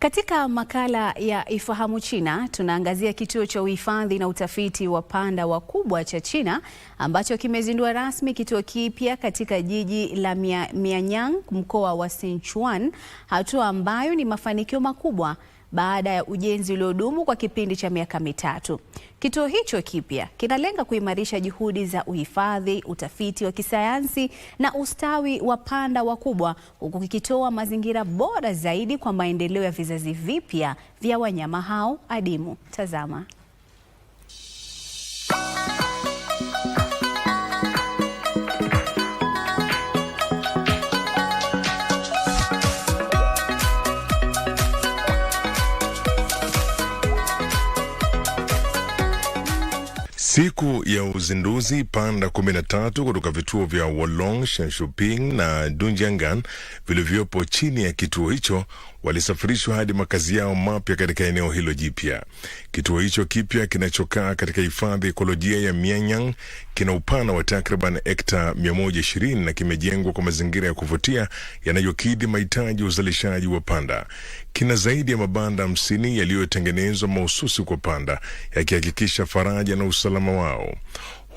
Katika makala ya Ifahamu China tunaangazia kituo cha uhifadhi na utafiti wa panda wakubwa cha China ambacho kimezindua rasmi kituo kipya katika jiji la Mianyang, mkoa wa Sichuan, hatua ambayo ni mafanikio makubwa baada ya ujenzi uliodumu kwa kipindi cha miaka mitatu. Kituo hicho kipya kinalenga kuimarisha juhudi za uhifadhi, utafiti wa kisayansi na ustawi wa panda wakubwa, huku kikitoa mazingira bora zaidi kwa maendeleo ya vizazi vipya vya wanyama hao adimu. Tazama. Siku ya uzinduzi panda 13 kutoka vituo vya Wolong, Shenshuping na Dunjiangan vilivyopo chini ya kituo hicho walisafirishwa hadi makazi yao mapya katika eneo hilo jipya. Kituo hicho kipya kinachokaa katika hifadhi ya ekolojia ya Mianyang kina upana wa takriban hekta 120 na kimejengwa kwa mazingira ya kuvutia yanayokidhi mahitaji ya uzalishaji wa panda. Kina zaidi ya mabanda hamsini yaliyotengenezwa mahususi kwa panda, yakihakikisha faraja na usalama wao.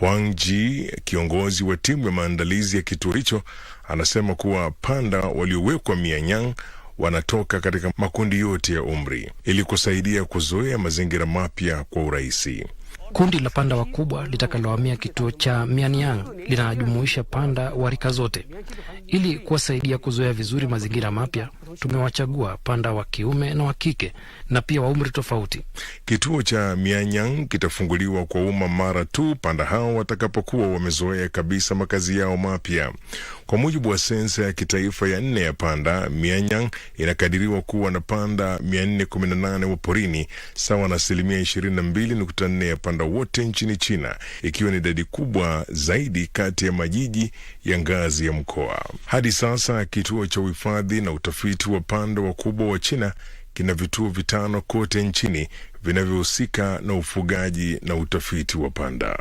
Wang Ji, kiongozi wa timu ya maandalizi ya kituo hicho, anasema kuwa panda waliowekwa Mianyang wanatoka katika makundi yote ya umri ili kusaidia kuzoea mazingira mapya kwa urahisi. Kundi la panda wakubwa litakalohamia kituo cha Mianyang linajumuisha panda wa rika zote ili kuwasaidia kuzoea vizuri mazingira mapya tumewachagua panda wa kiume na wa kike na pia wa umri tofauti. Kituo cha Mianyang kitafunguliwa kwa umma mara tu panda hao watakapokuwa wamezoea kabisa makazi yao mapya. Kwa mujibu wa sensa ya kitaifa ya nne ya panda, Mianyang inakadiriwa kuwa na panda 418 wa porini sawa na asilimia 22.4 ya panda wote nchini China, ikiwa ni idadi kubwa zaidi kati ya majiji ya ngazi ya mkoa. Hadi sasa kituo cha uhifadhi na utafiti udhibiti wa panda kubwa wa China kina vituo vitano kote nchini vinavyohusika na ufugaji na utafiti wa panda.